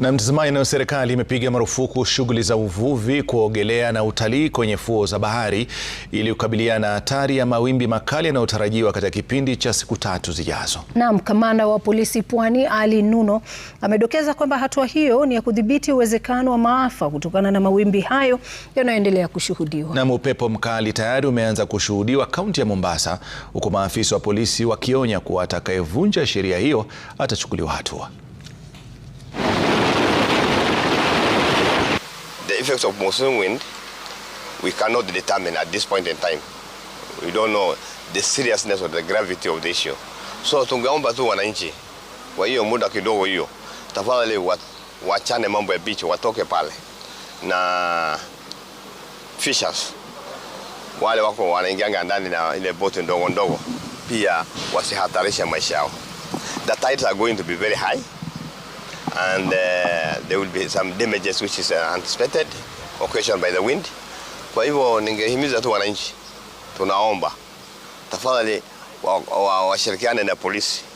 Na mtazamaji, nayo serikali imepiga marufuku shughuli za uvuvi, kuogelea na utalii kwenye fuo za bahari ili kukabiliana na hatari ya mawimbi makali yanayotarajiwa katika kipindi cha siku tatu zijazo. Naam, kamanda wa polisi Pwani Ali Nuno amedokeza kwamba hatua hiyo ni ya kudhibiti uwezekano wa maafa kutokana na mawimbi hayo yanayoendelea kushuhudiwa. Naam, upepo mkali tayari umeanza kushuhudiwa kaunti ya Mombasa, huku maafisa wa polisi wakionya kuwa atakayevunja sheria hiyo atachukuliwa hatua. effects of monsoon wind, we cannot determine at this point in time. We don't know the seriousness or the gravity of the issue. So tungeomba tu wananchi kwa hiyo muda kidogo hiyo, tafadhali wat, wachane mambo ya beach, watoke pale na fishers wale wako wanaingianga ndani na ile boti ndogo ndogo, pia wasihatarishe maisha yao. The tides are going to be very high and uh, there will be some damages which is uh, anticipated occasioned by the wind. Kwa hivyo ningehimiza tu wananchi, tunaomba tafadhali washirikiane wa, wa na polisi